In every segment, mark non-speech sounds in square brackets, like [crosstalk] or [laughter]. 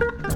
Ha [laughs] ha!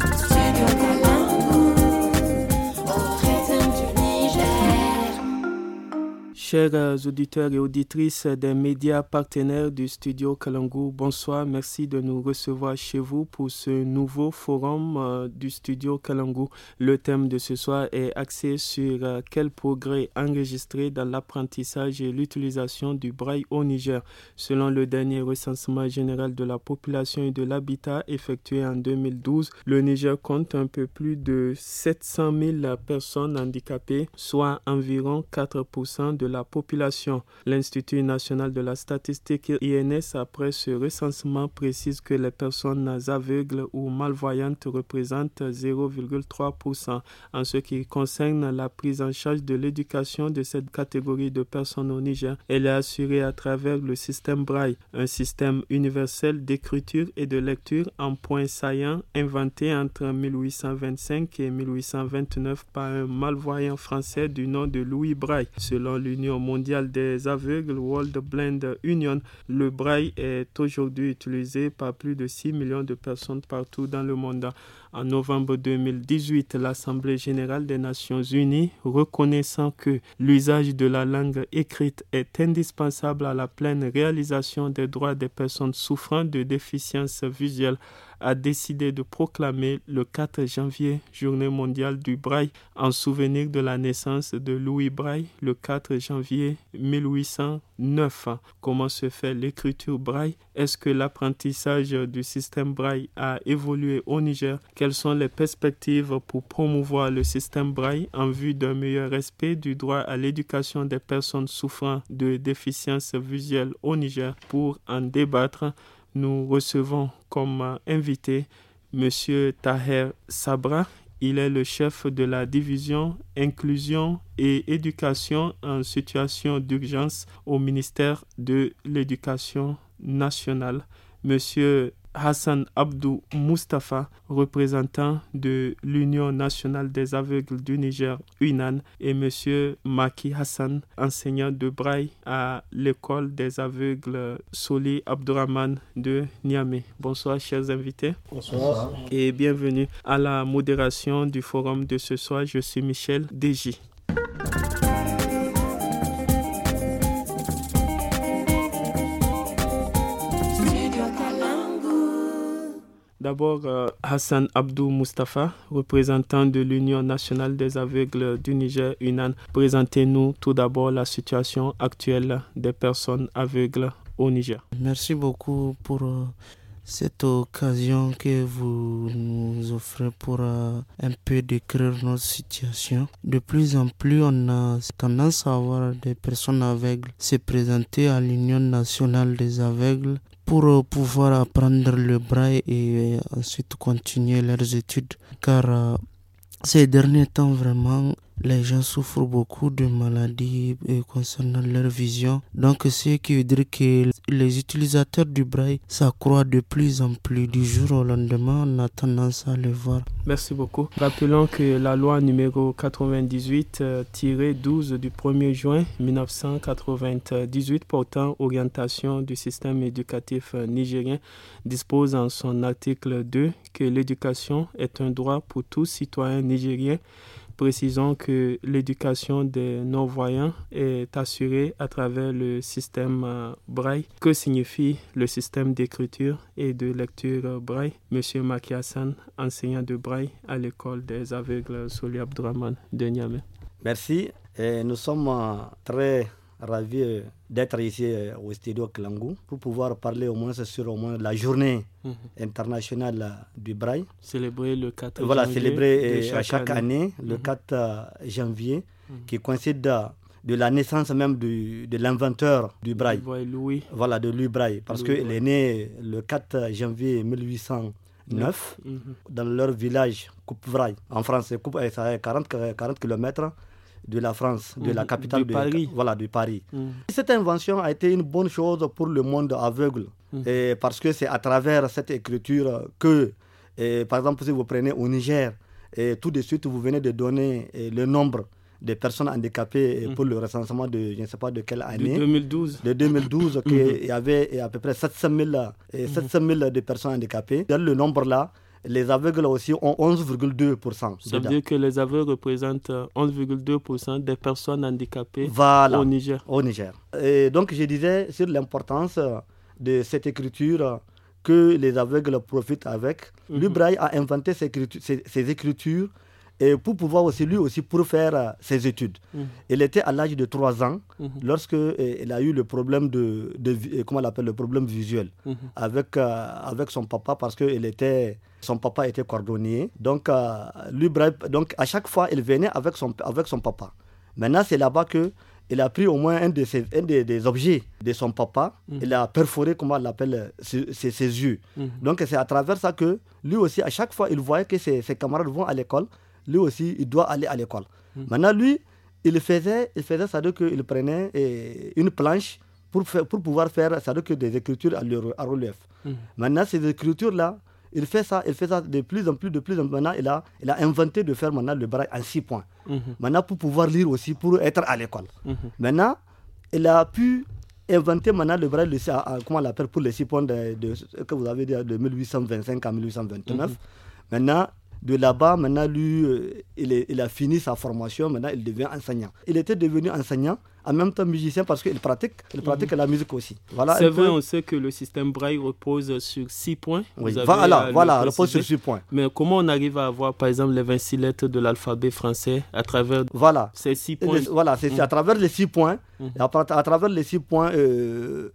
Chers auditeurs et auditrices des médias partenaires du studio Kalangou, bonsoir. Merci de nous recevoir chez vous pour ce nouveau forum euh, du studio Kalangou. Le thème de ce soir est axé sur euh, quel progrès enregistré dans l'apprentissage et l'utilisation du braille au Niger. Selon le dernier recensement général de la population et de l'habitat effectué en 2012, le Niger compte un peu plus de 700 000 personnes handicapées, soit environ 4% de la population. L'Institut national de la statistique INS, après ce recensement, précise que les personnes aveugles ou malvoyantes représentent 0,3%. En ce qui concerne la prise en charge de l'éducation de cette catégorie de personnes au Niger, elle est assurée à travers le système Braille, un système universel d'écriture et de lecture en points saillants inventé entre 1825 et 1829 par un malvoyant français du nom de Louis Braille. Selon l'Union l'Union mondiale des aveugles, World Blind Union, le braille est aujourd'hui utilisé par plus de 6 millions de personnes partout dans le monde. En novembre 2018, l'Assemblée générale des Nations unies, reconnaissant que l'usage de la langue écrite est indispensable à la pleine réalisation des droits des personnes souffrant de déficiences visuelles, a décidé de proclamer le 4 janvier Journée mondiale du Braille en souvenir de la naissance de Louis Braille le 4 janvier 1809. Comment se fait l'écriture Braille Est-ce que l'apprentissage du système Braille a évolué au Niger quelles sont les perspectives pour promouvoir le système Braille en vue d'un meilleur respect du droit à l'éducation des personnes souffrant de déficiences visuelles au Niger Pour en débattre, nous recevons comme invité M. Taher Sabra. Il est le chef de la division inclusion et éducation en situation d'urgence au ministère de l'Éducation nationale. Monsieur Hassan Abdou Mustafa, représentant de l'Union nationale des aveugles du Niger, UNAN, et M. Maki Hassan, enseignant de braille à l'école des aveugles Soli Abdourahman de Niamey. Bonsoir, chers invités. Bonsoir. Et bienvenue à la modération du forum de ce soir. Je suis Michel Deji. D'abord, euh, Hassan Abdou Mustafa, représentant de l'Union nationale des aveugles du Niger, UNAN, présentez-nous tout d'abord la situation actuelle des personnes aveugles au Niger. Merci beaucoup pour euh, cette occasion que vous nous offrez pour euh, un peu décrire notre situation. De plus en plus, on a tendance à voir des personnes aveugles se présenter à l'Union nationale des aveugles pour euh, pouvoir apprendre le braille et euh, ensuite continuer leurs études car euh, ces derniers temps vraiment les gens souffrent beaucoup de maladies euh, concernant leur vision. Donc, ce qui veut dire que les utilisateurs du braille s'accroît de plus en plus. Du jour au lendemain, on a tendance à le voir. Merci beaucoup. Rappelons que la loi numéro 98-12 euh, du 1er juin 1998 portant orientation du système éducatif euh, nigérien dispose en son article 2 que l'éducation est un droit pour tout citoyen nigérien précisons que l'éducation des non-voyants est assurée à travers le système euh, braille. Que signifie le système d'écriture et de lecture euh, braille Monsieur Maki enseignant de braille à l'école des aveugles Souli Abdraman de Niamey. Merci. nous sommes euh, très ravi euh, d'être ici euh, au studio Klangou pour pouvoir parler au moins sur au moins la journée mhm. internationale du braille. Célébrer le 4 Voilà, célébrer euh, chaque, année, le 4 mhm. janvier, mhm. qui coïncide de la naissance même de l'inventeur du braille. Louis. Voilà, de Louis Braille, parce qu'il est né le 4 janvier 1809 dans leur village Coupe-Vraille, en France. Coupe, ça 40, 40 km de la France, de mm. la capitale de, Paris. Voilà, de Paris. Mm. Cette invention a été une bonne chose pour le monde aveugle, mm. parce que c'est à travers cette écriture que, par exemple, si vous prenez au Niger, et tout de suite, vous venez de donner le nombre de personnes handicapées pour le recensement de je ne sais pas de quelle année. De 2012. De 2012, il y avait à peu près 700 000, 700 de personnes handicapées. Dans le nombre-là, les aveugles aussi ont 11,2%. cest à dire que les aveugles représentent 11,2% euh, des personnes handicapées au Niger. Au Niger. Et donc je disais sur l'importance euh, de cette écriture euh, que les aveugles profitent avec. Mhm. L'Ubraï a inventé ces écritures et pour pouvoir aussi lui aussi pour faire euh, ses études. Mhm. Il était à l'âge de 3 ans lorsqu'il mhm. lorsque euh, il a eu le problème de, euh, comment appelle le problème visuel mhm. avec avec son papa parce que il était son papa était cordonnier. Donc lui donc à chaque fois il venait avec son avec son papa. Maintenant c'est là-bas que il a pris au moins un, de un des, objets de son papa, il a perforé, comment l'appelle, ses, ses, yeux. Donc c'est à travers ça que lui aussi, à chaque fois, il voyait que ses, ses camarades vont à l'école, lui aussi, il doit aller à l'école. Hmm. Maintenant, lui, il faisait, il faisait, ça à dire qu'il prenait eh, une planche pour, faire, pour pouvoir faire, ça à que des écritures à, relief. Hmm. Maintenant, ces écritures-là, il fait ça, il fait ça de plus en plus, de plus en plus. Maintenant, il a, il a inventé de faire maintenant le braille en six points. Hmm. Maintenant, pour pouvoir lire aussi, pour être à l'école. Maintenant, il a pu inventer maintenant le braille, comment on l'appelle, pour les six points de, que vous avez dit, de 1825 à 1829. Maintenant, de là-bas, maintenant, lui, euh, il, a fini sa formation, maintenant, il devient enseignant. Il était devenu enseignant, en même temps musicien, parce qu'il pratique, il mhm. pratique la musique aussi. Voilà C'est vrai, on sait que le système braille repose sur six points. voilà, voilà repose sur six points. Mais comment on arrive à avoir, par exemple, les 26 lettres de l'alphabet français à travers voilà. ces six points Voilà, c'est mhm. à travers les six points, mhm. à, travers les six points... Euh,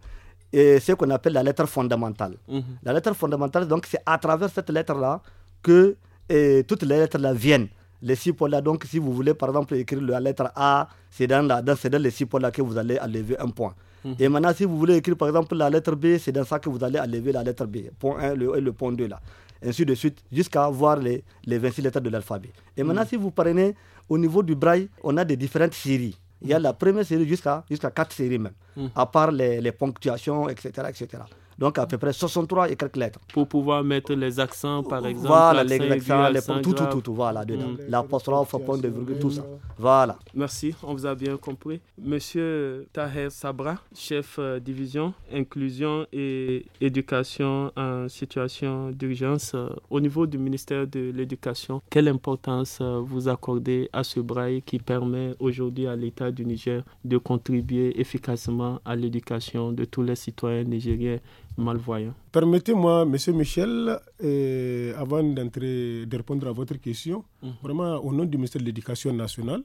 et ce qu'on appelle la lettre fondamentale. La lettre fondamentale, donc, c'est à travers cette lettre-là que et toutes les lettres là viennent. Les six là, donc si vous voulez par exemple écrire la lettre A, c'est dans, dans, les six points là que vous allez enlever un point. Mhm. Et maintenant, si vous voulez écrire par exemple la lettre B, c'est dans ça que vous allez enlever la lettre B, point 1 le, et le point 2 là. Ainsi de suite, jusqu'à voir les, les 26 lettres de l'alphabet. Et maintenant, mhm. si vous prenez au niveau du braille, on a des différentes séries. Il y a mhm. la première série jusqu'à jusqu'à quatre séries même, à part les, les ponctuations, etc. etc donc à peu près 63 et quelques lettres. Pour pouvoir mettre les accents, par exemple. Voilà, les accents, les tout, tout, tout, voilà, mm. dedans. Mm. L'apostrophe, point de virgule, tout ça. Mm. Voilà. Merci, on vous a bien compris. Monsieur Tahir Sabra, chef euh, division inclusion et éducation en situation d'urgence, euh, au niveau du ministère de l'Éducation, quelle importance euh, vous accordez à ce braille qui permet aujourd'hui à l'État du Niger de contribuer efficacement à l'éducation de tous les citoyens nigériens malvoyants. Permettez-moi, Monsieur Michel, euh, avant d'entrer, de répondre à votre question, mhm. vraiment au nom du ministère de l'Éducation nationale,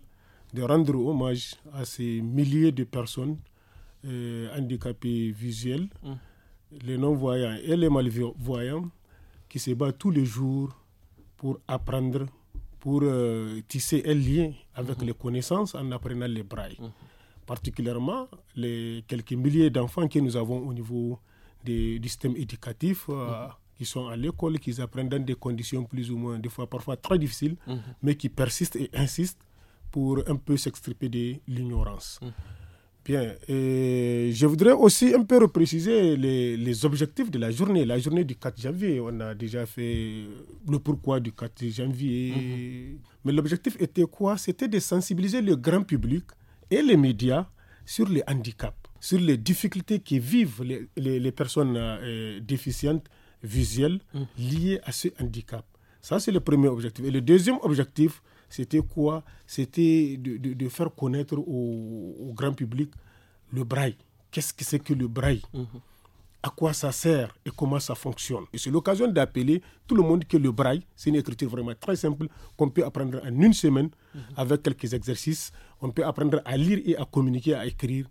de rendre hommage à ces milliers de personnes euh, handicapées visuelles, mhm. les non-voyants et les malvoyants, qui se battent tous les jours pour apprendre, pour euh, tisser un lien avec mhm. les connaissances en apprenant les brailles particulièrement les quelques milliers d'enfants que nous avons au niveau des, du système éducatif. Euh, mhm. qui sont à l'école, qui apprennent dans des conditions plus ou moins, des fois parfois très difficiles, mhm. mais qui persistent et insistent pour un peu s'extriper de l'ignorance. Mhm. Bien, je voudrais aussi un peu repréciser les, objectifs de la journée, la journée du 4 janvier. On a déjà fait le pourquoi du 4 janvier. Mais l'objectif était quoi C'était de sensibiliser le grand public et les médias sur les handicaps sur les difficultés que vivent les, personnes euh, déficientes visuelles hum. liées à ce handicap. Ça, c'est le premier objectif. Et le deuxième objectif, c'était quoi C'était de, faire connaître au, grand public le braille. Qu'est-ce que c'est que le braille hum. À quoi ça sert et comment ça fonctionne Et c'est l'occasion d'appeler tout le monde que le braille, c'est une écriture vraiment très simple qu'on peut apprendre en une semaine hum. avec quelques exercices. On peut apprendre à lire et à communiquer, à écrire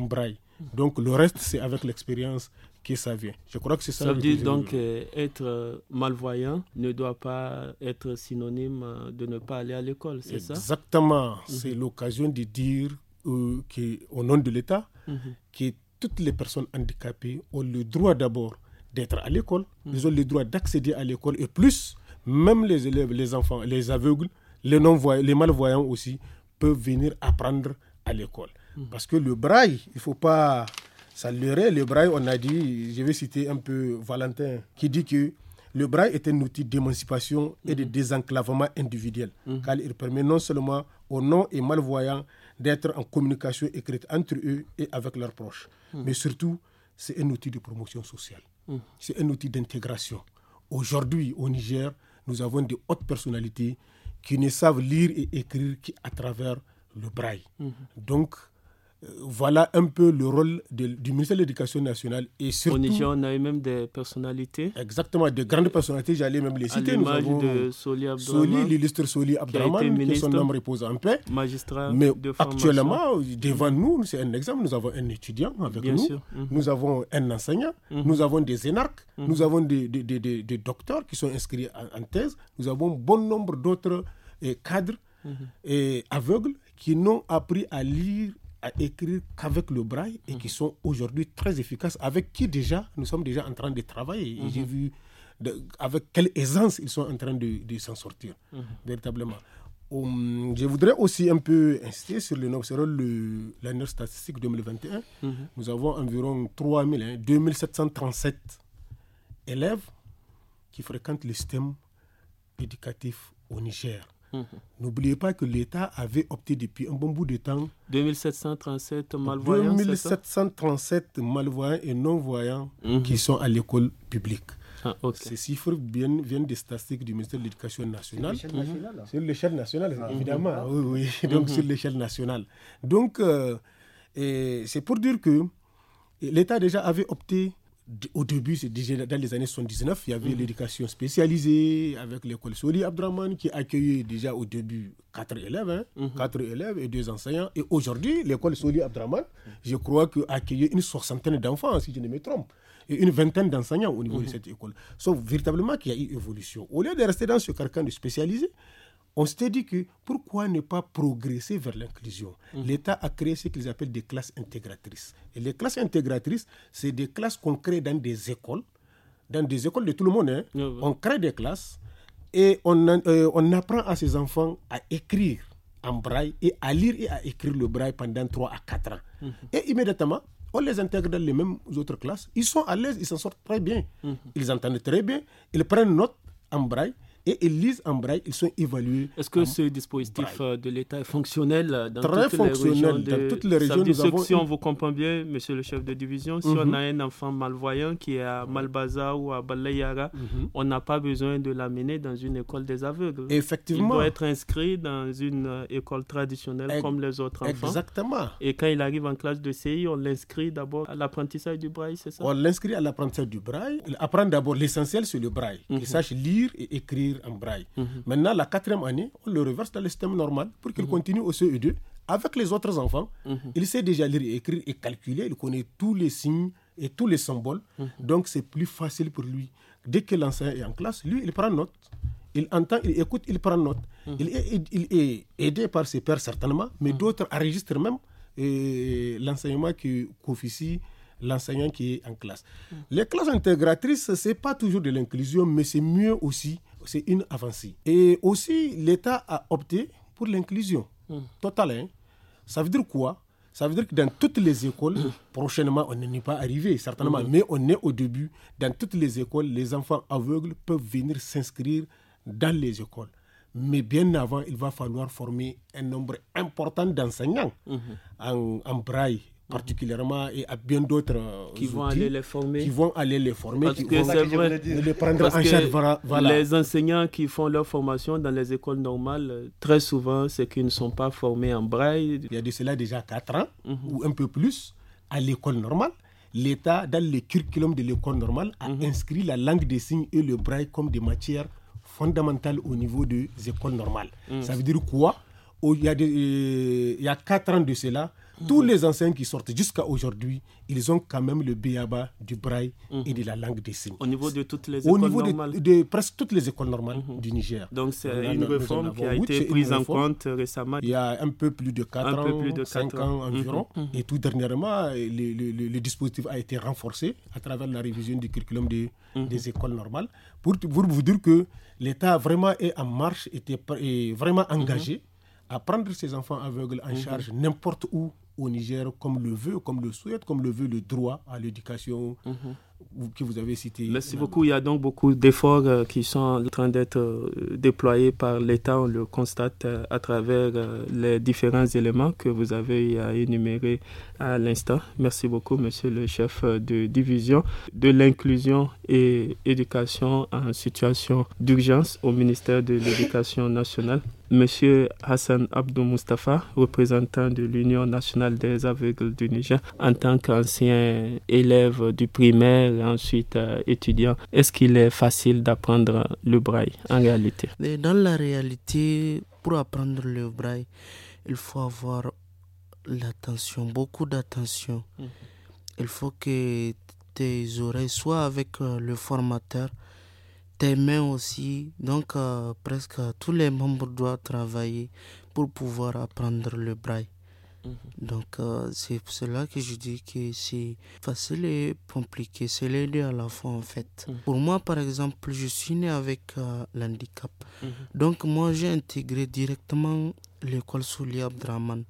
braille. Donc le reste, c'est avec l'expérience que ça vient. Je crois que c'est ça. Ça veut donc euh, être euh, malvoyant ne doit pas être synonyme euh, de ne pas aller à l'école, c'est ça Exactement. Mhm. C'est l'occasion de dire que au nom de l'État, mhm. que toutes les personnes handicapées ont le droit d'abord d'être à l'école, mhm. ils ont le droit d'accéder à l'école et plus, même les élèves, les enfants, les aveugles, les, non les malvoyants aussi peuvent venir apprendre à l'école. Mhm. Parce que le braille, il ne faut pas s'allurer. Le braille, on a dit, je vais citer un peu Valentin, qui dit que le braille est un outil d'émancipation et de mhm. désenclavement individuel, mhm. car il permet non seulement aux non et malvoyants d'être en communication écrite entre eux et avec leurs proches, mais surtout, c'est un outil de promotion sociale, c'est un outil d'intégration. Aujourd'hui, au Niger, nous avons des hautes personnalités qui ne savent lire et écrire qu'à travers le braille. Donc, voilà un peu le rôle du ministère de l'Éducation nationale et surtout. on a eu même des personnalités. Exactement, de grandes personnalités, j'allais même les citer. Nous avons Soli, l'illustre Soli Abdraman, qui, que son homme repose en paix. Magistrat. Mais actuellement, devant nous, c'est un exemple, nous avons un étudiant avec nous, mhm. nous avons un enseignant, mhm. nous avons des énarques, mhm. nous avons des, docteurs qui sont inscrits en, thèse, nous avons bon nombre d'autres euh, cadres et aveugles qui n'ont appris à lire à écrire qu'avec le braille et qui mhm. sont aujourd'hui très efficaces, avec qui déjà nous sommes déjà en train de travailler. J'ai mhm. vu avec quelle aisance ils sont en train de, s'en sortir, mhm. véritablement. Hum, je voudrais aussi un peu insister sur le le l'année statistique 2021. Nous avons environ 3000, 2737 hein, élèves qui fréquentent le système éducatif au Niger. Mhm. N'oubliez pas que l'État avait opté depuis un bon bout de temps. 2737 malvoyants. malvoyants et non-voyants mhm. qui sont à l'école publique. Ah, Ces chiffres viennent, des statistiques du ministère de l'Éducation nationale. Sur l'échelle nationale, ah, évidemment. Ah. Oui, oui. [laughs] Donc, sur mhm. l'échelle nationale. Donc, euh, c'est pour dire que l'État déjà avait opté au début, dans les années 79, il y avait mm. l'éducation spécialisée avec l'école Soli Abdraman qui accueillait déjà au début quatre élèves, hein. mm-hmm. quatre élèves et deux enseignants. Et aujourd'hui, l'école Soli Abdraman, mm. je crois accueille une soixantaine d'enfants, si je ne me trompe, et une vingtaine d'enseignants au niveau de mm-hmm. cette école. Sauf véritablement qu'il y a eu évolution. Au lieu de rester dans ce carcan de spécialisé, on s'était dit que pourquoi ne pas progresser vers l'inclusion mmh. L'État a créé ce qu'ils appellent des classes intégratrices. Et les classes intégratrices, c'est des classes qu'on crée dans des écoles, dans des écoles de tout le monde. Hein. On crée des classes et euh, on, apprend à ces enfants à écrire en braille et à lire et à écrire le braille pendant 3 à 4 ans. Mmh. Et immédiatement, on les intègre dans les mêmes autres classes. Ils sont à l'aise, ils s'en sortent très bien. Mmh. Ils entendent très bien, ils prennent note en braille et ils lisent en braille, ils sont évalués. Est-ce que ce dispositif euh, de l'État est fonctionnel euh, dans, toutes, les régions fonctionnel dans toutes les régions nous Si on vous comprend bien, monsieur le chef de division, si mhm. on a un enfant malvoyant qui est à Malbaza ou à Balayaga, mhm. on n'a pas besoin de l'amener dans une école des aveugles. Effectivement. Il doit être inscrit dans une euh, école traditionnelle comme les autres enfants. Exactement. Et quand il arrive en classe de CI, on l'inscrit d'abord à l'apprentissage du braille, c'est ça On l'inscrit à l'apprentissage du braille. Il apprend d'abord l'essentiel sur le braille. Mhm. Il sache lire et écrire en braille. Mhm. Maintenant, la quatrième année, on le reverse dans le système normal pour qu'il mhm. continue au CE2 avec les autres enfants. Mhm. Il sait déjà lire écrire et calculer, il connaît tous les signes et tous les symboles. Donc, c'est plus facile pour lui. Dès que l'enseignant est en classe, lui, il prend note. Il entend, il écoute, il prend note. Il est, aidé par ses pères certainement, mais d'autres enregistrent même euh, l'enseignement qui qu'officie l'enseignant qui est en classe. Les classes intégratrices, ce n'est pas toujours de l'inclusion, mais c'est mieux aussi, c'est une avancée. Et aussi, l'État a opté pour l'inclusion totale. Hein. Ça veut dire quoi ça veut dire que dans toutes les écoles, [coughs] prochainement, on n'est pas arrivé, certainement, mais on est au début. Dans toutes les écoles, les enfants aveugles peuvent venir s'inscrire dans les écoles. Mais bien avant, il va falloir former un nombre important d'enseignants mhm. en, braille particulièrement et à bien d'autres euh, qui vont aller les former qui vont aller les former parce que vrai. les en voilà. les enseignants qui font leur formation dans les écoles normales très souvent c'est qu'ils ne sont pas formés en braille il y a de cela déjà 4 ans mhm. ou un peu plus à l'école normale l'État dans le curriculum de l'école normale a mhm. inscrit la langue des signes et le braille comme des matières fondamentales au niveau des écoles normales mhm. ça veut dire quoi il y a euh, il y a 4 ans de cela tous mhm. les enseignants qui sortent jusqu'à aujourd'hui, ils ont quand même le béaba du braille et mhm. de la langue des signes. Au niveau de toutes les écoles Au niveau De, presque toutes les écoles normales mhm. du Niger. Donc c'est une réforme qui a été prise en compte récemment. Il y a un peu plus de 4 ans, 5 ans, environ. Et tout dernièrement, le, dispositif a été renforcé à travers la révision du curriculum des écoles normales pour, vous dire que l'État vraiment est en marche, était, est vraiment engagé à prendre ses enfants aveugles en charge n'importe où au Niger comme le veut, comme le souhaite, comme le veut le droit à l'éducation mhm. que vous avez cité. Merci beaucoup. Il y a donc beaucoup d'efforts euh, qui sont en train d'être euh, déployés par l'État. On le constate euh, à travers les différents éléments que vous avez énumérés à l'instant. Merci beaucoup, monsieur le chef de division de l'inclusion et éducation en situation d'urgence au ministère de l'Éducation nationale. Monsieur Hassan Abdou Mustafa, représentant de l'Union nationale des aveugles du Niger, en tant qu'ancien élève du primaire et ensuite euh, étudiant, est-ce qu'il est facile d'apprendre le braille en réalité Dans la réalité, pour apprendre le braille, il faut avoir l'attention, beaucoup d'attention. Mhm. Il faut que tes oreilles soient avec euh, le formateur tes mains aussi. Donc euh, presque tous les membres doivent travailler pour pouvoir apprendre le braille. Mhm. Donc euh, c'est pour cela que je dis que c'est facile et compliqué, c'est les deux à la fois en fait. Mhm. Pour moi par exemple, je suis né avec euh, l'handicap. Mhm. Donc moi j'ai intégré directement l'école Souli Abdraman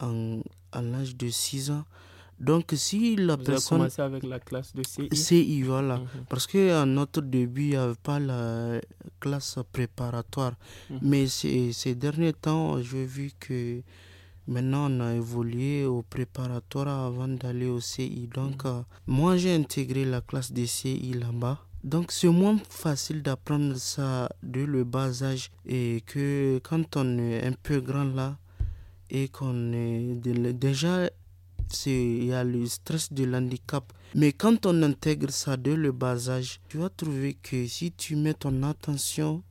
en, à l'âge de 6 ans. Donc, si la personne. commencé avec la classe de CI CI, voilà. Mhm. parce que Parce qu'à notre début, il n'y avait pas la classe préparatoire. Mhm. Mais ces derniers temps, j'ai vu que maintenant, on a évolué au préparatoire avant d'aller au CI. Donc, mhm. euh, moi, j'ai intégré la classe de CI là-bas. Donc c'est moins facile d'apprendre ça dès le bas âge et que quand on est un peu grand là et qu'on est déjà il y a le stress de l'handicap. Mais quand on intègre ça dès le bas âge, tu vas trouver que si tu mets ton attention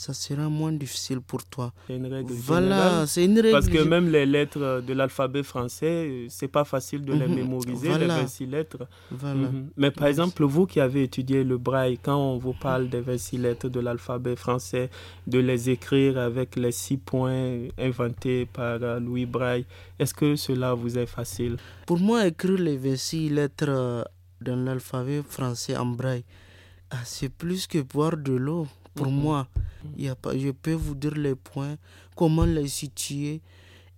ça sera moins difficile pour toi. C'est une règle voilà, c'est une règle. Parce que même les lettres de l'alphabet français, c'est pas facile de les mhm. mémoriser, les 26 lettres. Voilà. Mhm. Mais par exemple, vous qui avez étudié le braille, quand on vous parle des 26 lettres de l'alphabet français, de les écrire avec les six points inventés par Louis Braille, est-ce que cela vous est facile Pour moi, écrire les 26 lettres de l'alphabet français en braille, ah, c'est plus que boire de l'eau. Pour moi moi, y a pas, je peux vous dire les points, comment les situer.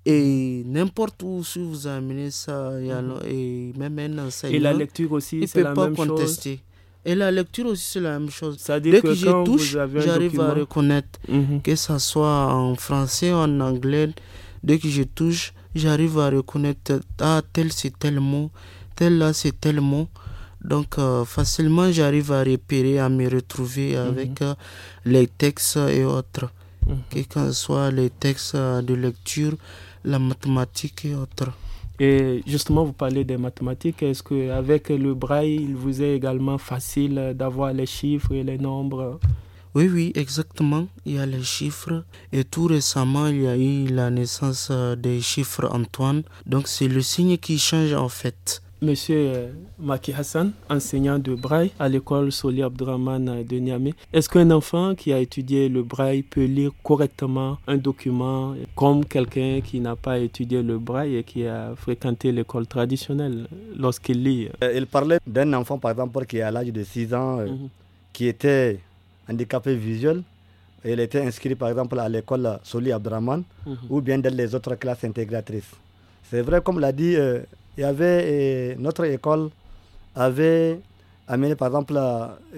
Et mm-hmm. n'importe où, si vous amenez ça, mm-hmm. et même un enseignant, et la lecture aussi, il ne peut pas contester. Et la lecture aussi, c'est la même chose. Dès que, je mm-hmm. touche, j'arrive à reconnaître. Que ce soit en français ou en anglais, dès que je touche, j'arrive à reconnaître ah, tel c'est tel mot, tel là c'est tel mot. Donc euh, facilement, j'arrive à repérer, à me retrouver mhm. avec euh, les textes et autres. Mhm. Que ce soient les textes euh, de lecture, la mathématique et autres. Et justement, vous parlez des mathématiques. Est-ce qu'avec le braille, il vous est également facile d'avoir les chiffres et les nombres oui, oui, exactement. Il y a les chiffres. Et tout récemment, il y a eu la naissance des chiffres Antoine. Donc, c'est le signe qui change en fait. Monsieur euh, Maki Hassan, enseignant de braille à l'école Soli Abdraman de Niamey, est-ce qu'un enfant qui a étudié le braille peut lire correctement un document comme quelqu'un qui n'a pas étudié le braille et qui a fréquenté l'école traditionnelle lorsqu'il lit euh, Il parlait d'un enfant, par exemple, qui est à l'âge de 6 ans, euh, mhm. qui était handicapé visuel. Il était inscrit, par exemple, à l'école Soli Abdraman mhm. ou bien dans les autres classes intégratrices. C'est vrai, comme l'a dit avait notre école avait amené par exemple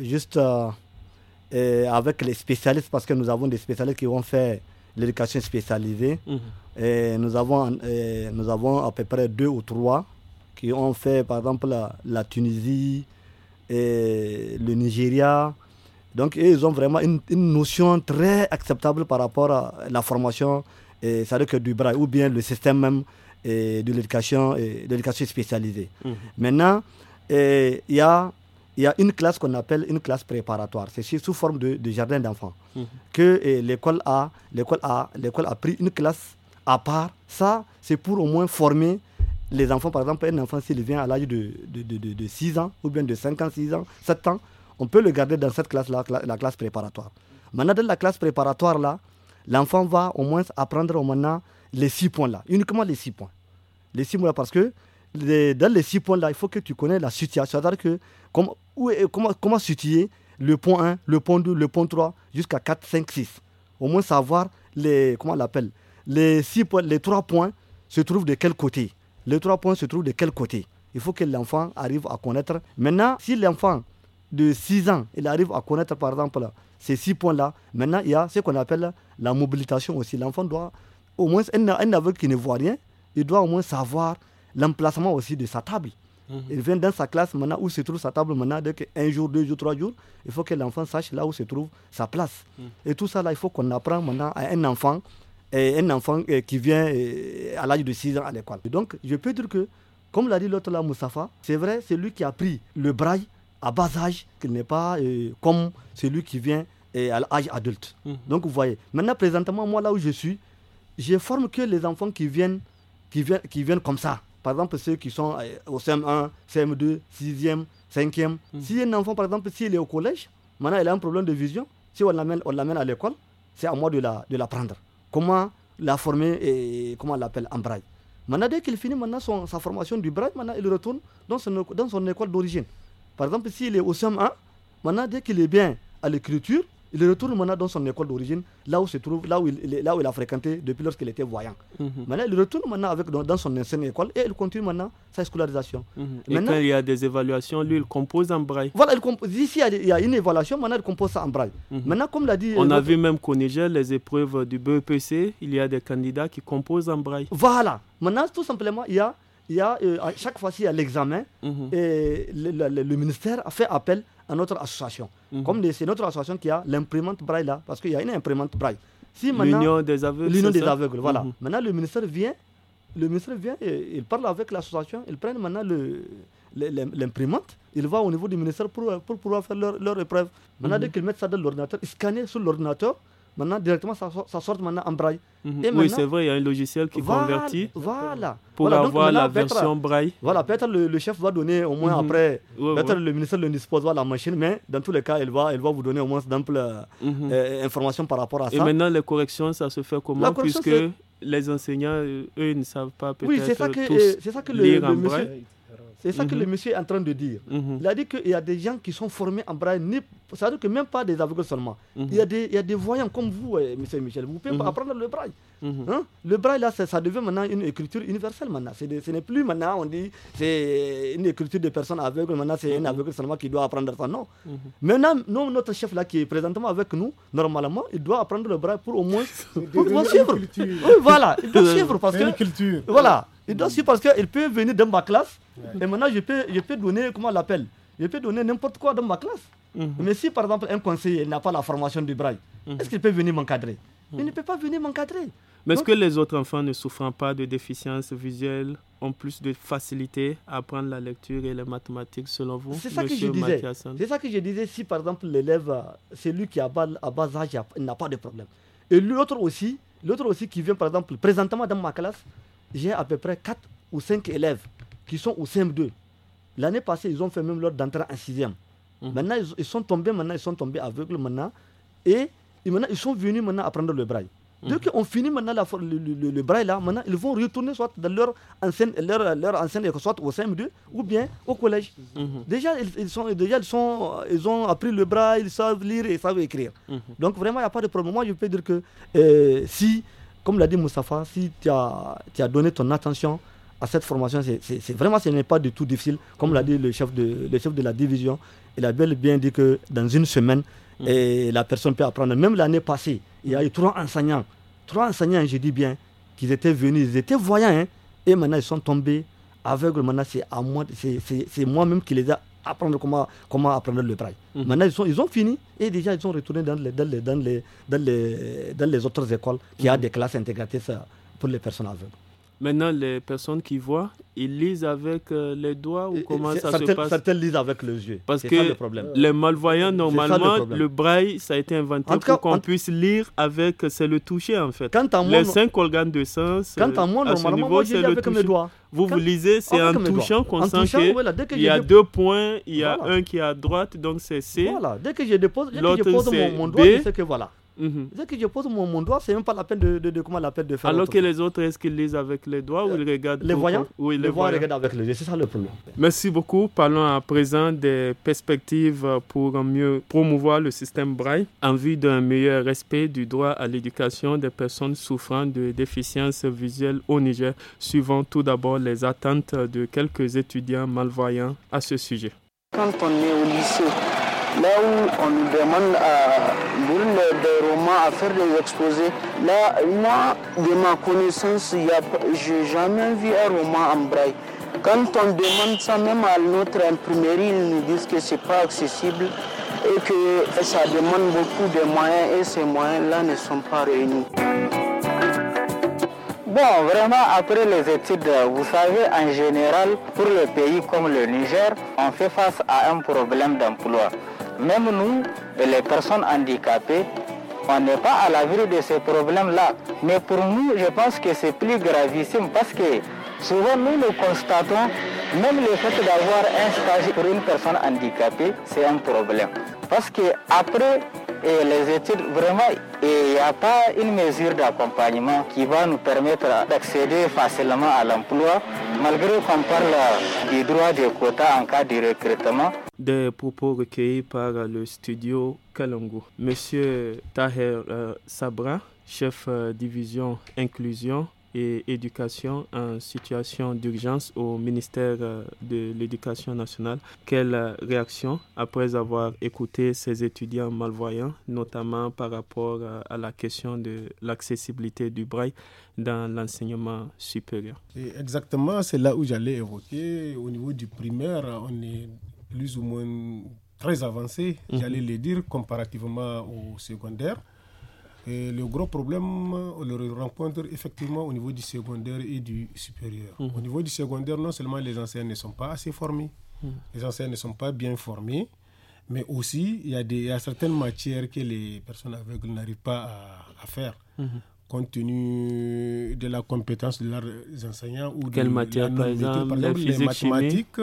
juste euh, avec les spécialistes parce que nous avons des spécialistes qui ont fait l'éducation spécialisée mhm. et nous avons nous avons à peu près deux ou trois qui ont fait par exemple la, Tunisie et le Nigeria donc ils ont vraiment une, notion très acceptable par rapport à la formation et ça dire que du braille ou bien le système même et de l'éducation spécialisée. Mmh. Maintenant, il y a une classe qu'on appelle une classe préparatoire. C'est sous forme de, jardin d'enfants mmh. que l'école a, l'école a, l'école a pris une classe à part. Ça, c'est pour au moins former les enfants. Par exemple, un enfant s'il vient à l'âge de de, 6 ans ou bien de 5 ans, 6 ans, 7 ans, on peut le garder dans cette classe-là, la, classe préparatoire. Maintenant, dans la classe préparatoire là, l'enfant va au moins apprendre au les 6 points là, uniquement les 6 points les six mois parce que dans les six points là, il faut que tu connais la situation. C'est-à-dire que comment, comment situer le point 1, le point 2, le point 3 jusqu'à 4, 5, 6. Au moins savoir les, comment l'appelle, les, six les trois points se trouvent de quel côté. Les trois points se trouvent de quel côté. Il faut que l'enfant arrive à connaître. Maintenant, si l'enfant de 6 ans, il arrive à connaître par exemple ces six points-là, maintenant il y a ce qu'on appelle la mobilisation aussi. L'enfant doit, au moins un aveugle qui ne voit rien, il doit au moins savoir l'emplacement aussi de sa table. Mhm. Il vient dans sa classe maintenant où se trouve sa table maintenant, dès un jour, deux jours, trois jours, il faut que l'enfant sache là où se trouve sa place. Mhm. Et tout ça là, il faut qu'on apprend maintenant à un enfant, et un enfant euh, qui vient euh, à l'âge de 6 ans à l'école. Donc je peux dire que, comme l'a dit l'autre là, Moussafa, c'est vrai, c'est lui qui a pris le braille à bas âge, qu'il n'est pas euh, comme celui qui vient à l'âge adulte. Mhm. Donc vous voyez, maintenant présentement, moi là où je suis, je forme que les enfants qui viennent qui, viennent, qui viennent comme ça. Par exemple, ceux qui sont euh, au CM1, CM2, 6e, 5e. Si un enfant, par exemple, s'il est au collège, maintenant il a un problème de vision, si on l'amène, on l'amène à l'école, c'est à moi de la, de Comment la former et comment l'appeler l'appelle en braille. Maintenant, dès qu'il finit maintenant sa formation du braille, maintenant il retourne dans son, dans son école d'origine. Par exemple, s'il est au CM1, maintenant dès qu'il est bien à l'écriture, il retourne maintenant dans son école d'origine, là où se trouve, là où il, là où il a fréquenté depuis lorsqu'il était voyant. Mhm. Maintenant, il retourne maintenant avec, dans, son ancienne école et il continue maintenant sa scolarisation. Maintenant mhm. Et quand il y a des évaluations, lui, il compose en braille. Voilà, il compose ici, il y a une évaluation, maintenant, il compose ça en braille. Mhm. Maintenant, comme l'a dit... On a vu même qu'au Niger, les épreuves du BEPC, il y a des candidats qui composent en braille. Voilà. Maintenant, tout simplement, il y a il y a, euh, chaque fois, il y a l'examen et le, le, ministère a fait appel à notre association. Mhm. Comme c'est notre association qui a l'imprimante braille là, parce qu'il y a une imprimante braille. L'union des aveugles. L'union des aveugles, voilà. Mhm. Maintenant, le ministère vient, le ministère vient, il parle avec l'association, ils prennent maintenant l'imprimante, il va au niveau du ministère pour, pouvoir faire leur, leur épreuve. Maintenant, mhm. dès qu'ils mettent ça dans l'ordinateur, ils scannent sur l'ordinateur, Maintenant, directement, ça sort, maintenant en braille. Mhm. oui, c'est vrai, il y a un logiciel qui convertit voilà. pour avoir la version braille. Voilà, peut-être le, chef va donner au moins mhm. après, peut-être le ministère ne dispose pas de la machine, mais dans tous les cas, elle va, elle va vous donner au moins d'amples euh, mhm. euh, information informations par rapport à ça. Et maintenant, les corrections, ça se fait comment Puisque les enseignants, eux, ne savent pas peut-être. Oui, euh, c'est ça que, le, c'est ça que le mhm. monsieur est en train de dire. Mhm. Il a dit qu'il y a des gens qui sont formés en braille, ça veut dire que même pas des aveugles seulement. Mhm. il, y a des, y a des, voyants comme vous, monsieur Michel. Vous pouvez apprendre le braille. Hein? Le braille, là, ça, devient maintenant une écriture universelle. Maintenant. ce n'est plus maintenant, on dit, c'est une écriture de personnes aveugles. Maintenant, c'est un aveugle seulement qui doit apprendre ça. Non. Maintenant, notre chef là qui est présentement avec nous, normalement, il doit apprendre le braille pour au moins [laughs] pour suivre. voilà, il doit [laughs] suivre parce que. Voilà. Il doit parce qu'il peut venir dans ma classe et maintenant je peux, donner, comment on l'appelle Je peux donner n'importe quoi dans ma classe. Mhm. Mais si par exemple un conseiller n'a pas la formation du braille, mhm. est-ce qu'il peut venir m'encadrer Il mhm. ne peut pas venir m'encadrer. Mais est-ce que les autres enfants ne souffrant pas de déficience visuelle ont plus de facilité à apprendre la lecture et les mathématiques selon vous C'est ça que je disais. C'est ça que je disais. Si par exemple l'élève, euh, c'est lui qui a bas, à bas âge, n'a pas de problème. Et l'autre aussi, l'autre aussi qui vient par exemple présentement dans ma classe, j'ai à peu près 4 ou 5 élèves qui sont au CM2. L'année passée, ils ont fait même leur d'entrée en sixième mhm. Maintenant, ils, sont tombés, maintenant, ils sont tombés aveugles maintenant. Et, maintenant, ils sont venus maintenant apprendre le braille. Mhm. Dès Dès finit maintenant le, braille là, maintenant, ils vont retourner soit dans leur ancienne, leur, école, soit au CM2 ou bien au collège. Mhm. Déjà, ils, sont, déjà ils, sont, ils ont appris le braille, ils savent lire et ils savent écrire. Donc, vraiment, il n'y a pas de problème. Moi, je peux dire que euh, si comme l'a dit Moustapha, si tu as, as donné ton attention à cette formation, c'est vraiment ce n'est pas du tout difficile. Comme l'a mm-hmm. dit le chef, de, chef de la division, il a bel bien dit que dans une semaine, mm-hmm. la personne peut apprendre. Même l'année passée, il y a eu trois enseignants. Trois enseignants, je dis bien, qui étaient venus, ils étaient voyants, hein. et maintenant ils sont tombés aveugles. Maintenant, c'est moi-même qui les ai apprendre comment, comment apprendre le braille. Mhm. Maintenant, ils, ils ont fini et déjà, ils sont retournés dans les, dans les, dans les, dans les, autres écoles qui ont mhm. des classes intégratives euh, pour les personnes aveugles. Maintenant, les personnes qui voient, ils lisent avec euh, les doigts ou comment ça se passe Certains lisent avec les yeux. Parce que ça le problème. les malvoyants, normalement, le, braille, ça a été inventé pour qu'on puisse lire avec, c'est le toucher en fait. Quant à moi, les cinq organes de sens, Quand euh, à moi, normalement, ce niveau, avec Mes doigts. Vous vous lisez, c'est en touchant qu'on sent qu'il y a deux points, il y a un qui est à droite, donc c'est C. Voilà, dès que je dépose, mon, doigt, c'est que voilà. Mhm. C'est que je pose mon, doigt, c'est même pas la peine de, de, de comment la peine de faire. Alors que les autres, est-ce qu'ils lisent avec les doigts ou euh, ils regardent Les voyants Oui, les, les voyants regardent avec les yeux, c'est ça le problème. Merci beaucoup. Parlons à présent des perspectives pour mieux promouvoir le système Braille en vue d'un meilleur respect du droit à l'éducation des personnes souffrant de déficiences visuelles au Niger, suivant tout d'abord les attentes de quelques étudiants malvoyants à ce sujet. Quand on est au lycée, là où on demande à brûler des romans, à faire des exposés. Là, moi, de ma connaissance, je n'ai jamais vu un roman en braille. Quand on demande ça même à notre imprimerie, ils nous disent que ce n'est pas accessible et que ça demande beaucoup de moyens et ces moyens-là ne sont pas réunis. Bon, vraiment, après les études, vous savez, en général, pour les pays comme le Niger, on fait face à un problème d'emploi. Même nous, les personnes handicapées, on n'est pas à l'abri de ces problèmes-là. Mais pour nous, je pense que c'est plus gravissime parce que souvent nous nous constatons, même le fait d'avoir un stage pour une personne handicapée, c'est un problème. Parce que et les études, vraiment, il n'y a pas une mesure d'accompagnement qui va nous permettre d'accéder facilement à l'emploi, malgré qu'on parle du droit de quotas en cas de recrutement. Des propos recueillis par le studio Kalongo. Monsieur Taher euh, Sabra, chef euh, division inclusion et éducation en situation d'urgence au ministère euh, de l'Éducation nationale. Quelle euh, réaction après avoir écouté ces étudiants malvoyants, notamment par rapport euh, à la question de l'accessibilité du braille dans l'enseignement supérieur Exactement, c'est là où j'allais évoquer. Au niveau du primaire, on est plus ou moins très avancé, mhm. j'allais le dire, comparativement au secondaire le gros problème, on le rencontre effectivement au niveau du secondaire et du supérieur. Mhm. Au niveau du secondaire, non seulement les enseignants ne sont pas assez formés, mhm. les enseignants ne sont pas bien formés, mais aussi il y, a des, y a certaines matières que les personnes aveugles n'arrivent pas à, faire. Mhm. compte tenu de la compétence de leurs enseignants ou Quelle matière, par exemple, par exemple les mathématiques,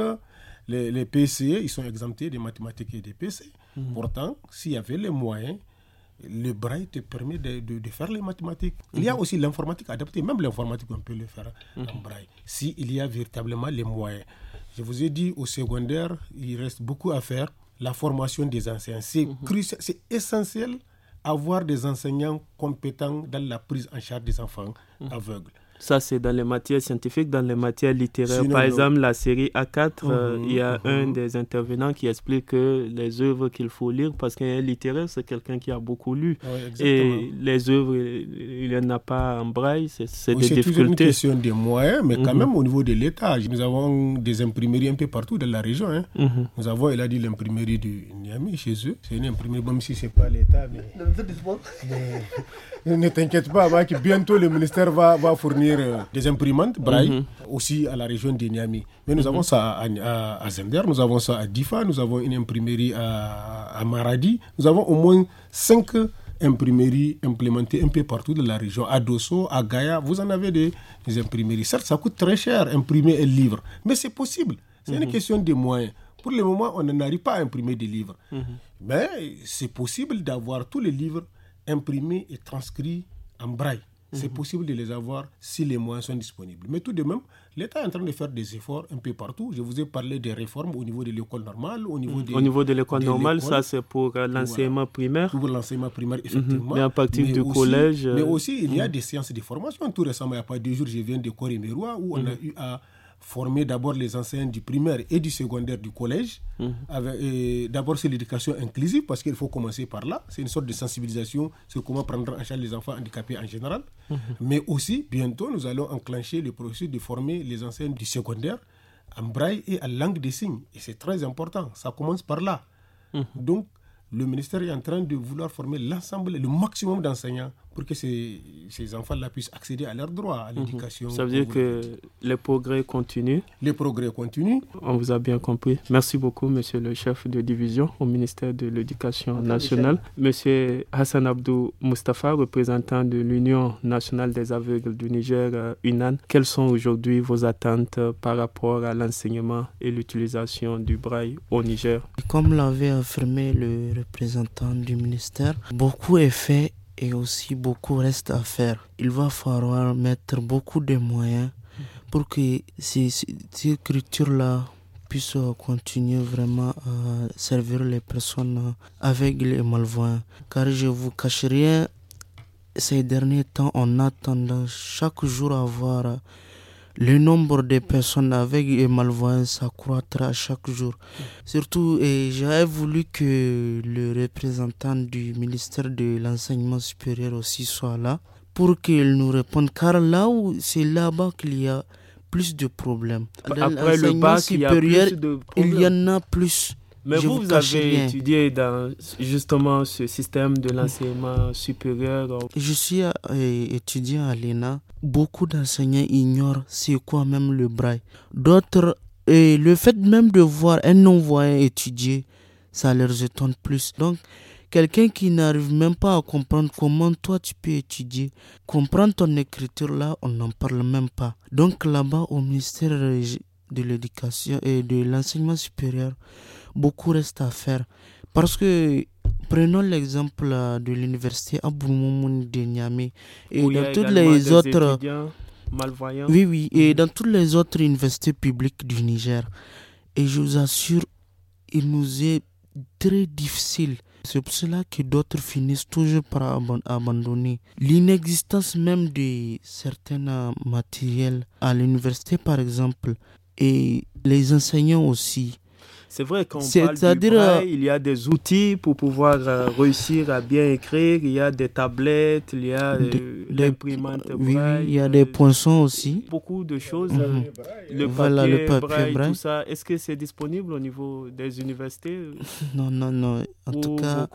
les, les PC, e, ils sont exemptés des mathématiques et des PC. E. Pourtant, s'il y avait les moyens, le braille te permet de, de, faire les mathématiques. Il y a mhm. aussi l'informatique adaptée. Même l'informatique, on peut le faire en mhm. braille, s'il y a véritablement les moyens. Je vous ai dit, au secondaire, il reste beaucoup à faire. La formation des enseignants, c'est mhm. essentiel avoir des enseignants compétents dans la prise en charge des enfants aveugles. Ça, c'est dans les matières scientifiques, dans les matières littéraires. Par exemple, la série A4, euh, mhm, il y a mhm, un mhm. des intervenants qui explique que les œuvres qu'il faut lire, parce qu'un littéraire, c'est quelqu'un qui a beaucoup lu. Ah et les œuvres, il n'y en a pas en braille, c'est des difficultés. C'est une question de moyens, mais quand même au niveau de l'état nous avons des imprimeries un peu partout dans la région. Hein. Nous avons, il a dit, l'imprimerie du Niamey chez eux. C'est une imprimerie, même si ce n'est pas l'État. Mais... [laughs] ne t'inquiète pas, bientôt le ministère va, va fournir euh, des imprimantes braille mhm. aussi à la région de Niamey. Mais nous mhm. avons ça à, Zender, nous avons ça à Difa, nous avons une imprimerie à, Maradi. Nous avons au moins cinq imprimeries implémentées un peu partout de la région. À Dosso, à Gaïa, vous en avez des, imprimeries. Certes, ça coûte très cher imprimer un livre, mais c'est possible. C'est une mhm. question de moyens. Pour le moment, on n'arrive pas à imprimer des livres. Mais c'est possible d'avoir tous les livres imprimés et transcrits en braille. C'est mhm. possible de les avoir si les moyens sont disponibles. Mais tout de même, l'État est en train de faire des efforts un peu partout. Je vous ai parlé des réformes au niveau de l'école normale, au niveau mhm. des, Au niveau de l'école normale, ça c'est pour euh, l'enseignement primaire. Pour l'enseignement primaire, mhm. effectivement. Mais en partie du collège. Mais euh, aussi, il y a des séances de formation. Tout récemment, il n'y a pas deux jours, je viens de Corémérois où on a eu à former d'abord les enseignants du primaire et du secondaire du collège. Mhm. D'abord, c'est l'éducation inclusive parce qu'il faut commencer par là. C'est une sorte de sensibilisation sur comment prendre en charge les enfants handicapés en général. Mhm. Mais aussi, bientôt, nous allons enclencher le processus de former les enseignants du secondaire en braille et en langue des signes. Et c'est très important. Ça commence par là. Mhm. Donc, le ministère est en train de vouloir former l'ensemble, le maximum d'enseignants pour que ces, ces enfants-là puissent accéder à leurs droits, à mhm. l'éducation. Ça veut dire que les progrès continuent Les progrès continuent. On vous a bien compris. Merci beaucoup, monsieur le chef de division au ministère de l'Éducation nationale. Monsieur Hassan Abdou Mustafa, représentant de l'Union nationale des aveugles du Niger, euh, UNAN, quelles sont aujourd'hui vos attentes euh, par rapport à l'enseignement et l'utilisation du braille au Niger Comme l'avait affirmé le représentant du ministère, beaucoup est fait et aussi beaucoup reste à faire. Il va falloir mettre beaucoup de moyens pour que ces, écritures-là puissent continuer vraiment à servir les personnes avec les malvoyants. Car je vous cacherai ces derniers temps, en attendant chaque jour à voir le nombre de personnes avec malvoyantes s'accroîtra chaque jour. Surtout, j'aurais voulu que le représentant du ministère de l'enseignement supérieur aussi soit là pour qu'il nous réponde, car là où c'est là-bas qu'il y a plus de problèmes. Après le supérieur, il plus de il y en a plus. Mais vous, avez étudié dans justement ce système de l'enseignement supérieur. Je suis euh, étudiant à l'ENA. Beaucoup d'enseignants ignorent c'est quoi même le braille. D'autres, et euh, le fait même de voir un non-voyant étudier, ça leur étonne plus. Donc, quelqu'un qui n'arrive même pas à comprendre comment toi tu peux étudier, comprendre ton écriture là, on n'en parle même pas. Donc là-bas au ministère de l'éducation et de l'enseignement supérieur, beaucoup reste à faire. Parce que, prenons l'exemple euh, de l'université Aboumoun de Niamey et dans toutes les autres. Malvoyants. Oui, oui, et mhm. dans toutes les autres universités publiques du Niger. Et je vous assure, il nous est très difficile. C'est pour cela que d'autres finissent toujours par abandonner. L'inexistence même de certains euh, matériels à l'université, par exemple, et les enseignants aussi, c'est vrai qu'on parle du euh, il y a des outils pour pouvoir euh, réussir à bien écrire, il y a des tablettes, il y a euh, l'imprimante braille. il y a des poinçons aussi. Beaucoup de choses. Mhm. le, papier, le braille, tout ça. Est-ce que c'est disponible au niveau des universités [laughs] Non, non, non. En tout cas,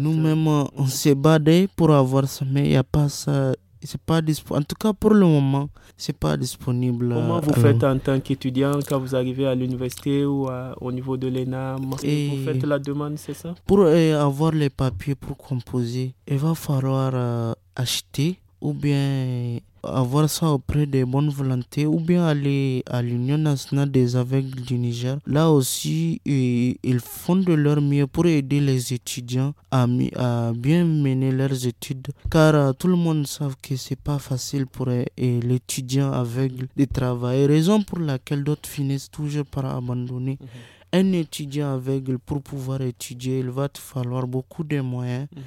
nous-mêmes, on s'est badé pour avoir ça, mais il n'y a pas ça c'est pas en tout cas pour le moment, c'est pas disponible. Comment vous euh, faites en tant qu'étudiant quand vous arrivez à l'université ou au niveau de l'ENAM Vous faites la demande, c'est ça Pour euh, avoir les papiers pour composer, il va falloir euh, acheter ou bien avoir ça auprès des bonnes volontés ou bien aller à l'Union nationale des aveugles du Niger. Là aussi, ils font de leur mieux pour aider les étudiants à, bien mener leurs études car euh, tout le monde sait que c'est pas facile pour euh, l'étudiant aveugle de travailler, raison pour laquelle d'autres finissent toujours par abandonner. Mhm. un étudiant aveugle, pour pouvoir étudier, il va te falloir beaucoup de moyens. Mhm.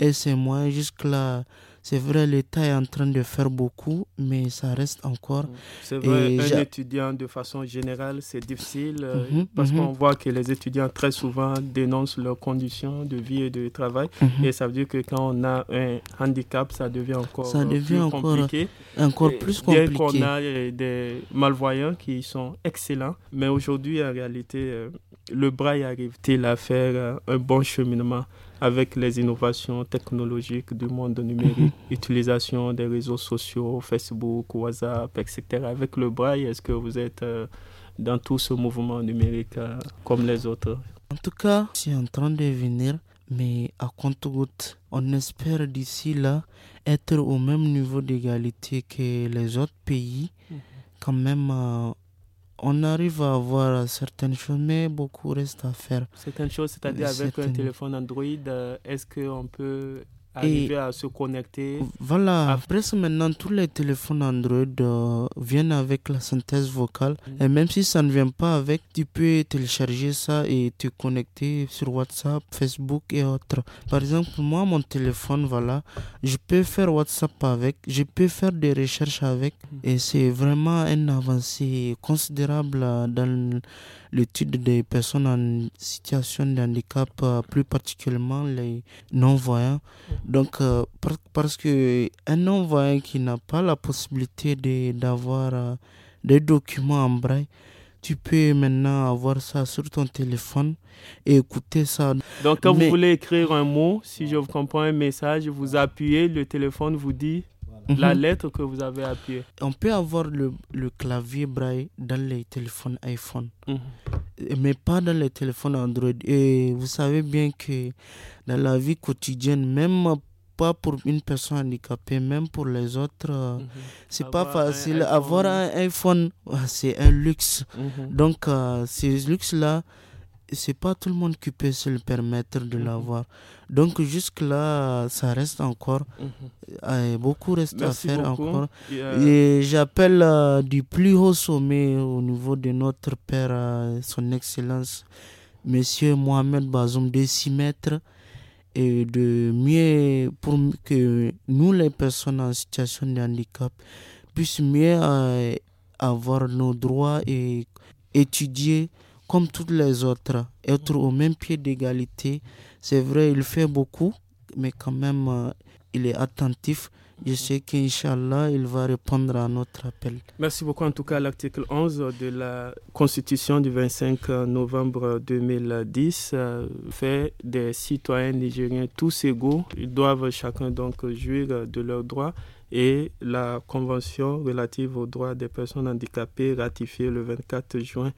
Et ces moyens, jusque-là, c'est vrai, l'État est en train de faire beaucoup, mais ça reste encore. C'est vrai, un étudiant, de façon générale, c'est difficile euh, mhm, parce mhm. qu'on voit que les étudiants, très souvent, dénoncent leurs conditions de vie et de travail. Mhm. Et ça veut dire que quand on a un handicap, ça devient encore ça devient encore, compliqué. Encore plus compliqué. qu'on a euh, des malvoyants qui sont excellents, mais aujourd'hui, en réalité, euh, le braille arrive-t-il à faire un bon cheminement avec les innovations technologiques du monde numérique, mhm. utilisation des réseaux sociaux, Facebook, WhatsApp, etc. Avec le braille, est-ce que vous êtes euh, dans tout ce mouvement numérique euh, comme les autres En tout cas, je suis en train de venir, mais à compte-gouttes, on espère d'ici là être au même niveau d'égalité que les autres pays. Mhm. Quand même, euh, on arrive à avoir certaines choses, mais beaucoup reste à faire. Certaines choses, c'est-à-dire avec un téléphone Android, euh, est-ce qu'on peut arriver et à se connecter. Voilà, Après presque maintenant tous les téléphones Android euh, viennent avec la synthèse vocale mm. et même si ça ne vient pas avec, tu peux télécharger ça et te connecter sur WhatsApp, Facebook et autres. Par exemple, moi mon téléphone voilà, je peux faire WhatsApp avec, je peux faire des recherches avec mm. et c'est vraiment un avancée considérable euh, dans l'étude des personnes en situation de handicap, euh, plus particulièrement les non-voyants. Donc, euh, parce qu'un non-voyant qui n'a pas la possibilité d'avoir euh, des documents en braille, tu peux maintenant avoir ça sur ton téléphone et écouter ça. Donc, quand vous voulez écrire un mot, si je comprends un message, vous appuyez, le téléphone vous dit la mhm. lettre que vous avez à On peut avoir le, le clavier braille dans les téléphones iPhone, mhm. mais pas dans les téléphones Android. Et vous savez bien que dans la vie quotidienne, même pas pour une personne handicapée, même pour les autres, euh, mhm. c'est pas facile. avoir un iPhone, euh, c'est un luxe. Donc, euh, ces luxes-là, c'est pas tout le monde qui peut se le permettre de mhm. l'avoir. Donc jusque là, ça reste encore, mhm. euh, beaucoup reste à faire encore. Et euh, j'appelle euh, du plus haut sommet au niveau de notre père, son Excellence Monsieur Mohamed Bazoum de s'y mettre et de mieux pour que nous les personnes en situation de handicap puissent mieux avoir nos droits et étudier comme toutes les autres, être au même pied d'égalité. C'est vrai, il fait beaucoup, mais quand même, euh, il est attentif. Je sais qu'Inch'Allah, il va répondre à notre appel. Merci beaucoup. En tout cas, l'article 11 de la Constitution du 25 euh, novembre 2010 euh, fait des citoyens nigériens tous égaux. Ils doivent chacun donc jouir de leurs droits et la Convention relative aux droits des personnes handicapées ratifiée le 24 juin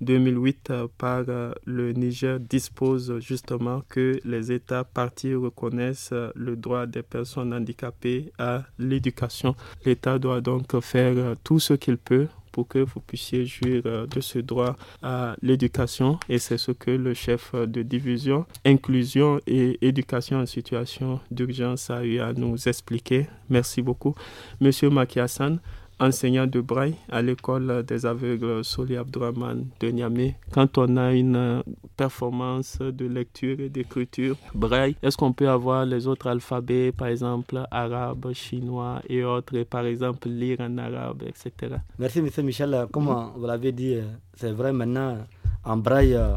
2008 euh, par euh, le Niger dispose justement que les États partis reconnaissent euh, le droit des personnes handicapées à l'éducation. L'État doit donc faire tout ce qu'il peut pour que vous puissiez jouir de ce droit à l'éducation. Et c'est ce que le chef de division inclusion et éducation en situation d'urgence a eu à nous expliquer. Merci beaucoup. Monsieur Makiassan, enseignant de braille à l'école des aveugles Soli Abdraman de Niamey. Quand on a une euh, performance de lecture et d'écriture braille, est-ce qu'on peut avoir les autres alphabets, par exemple arabe, chinois et autres, et par exemple lire en arabe, etc. Merci, monsieur Michel. Comme mhm. vous l'avez dit, euh, c'est vrai maintenant, en braille, euh,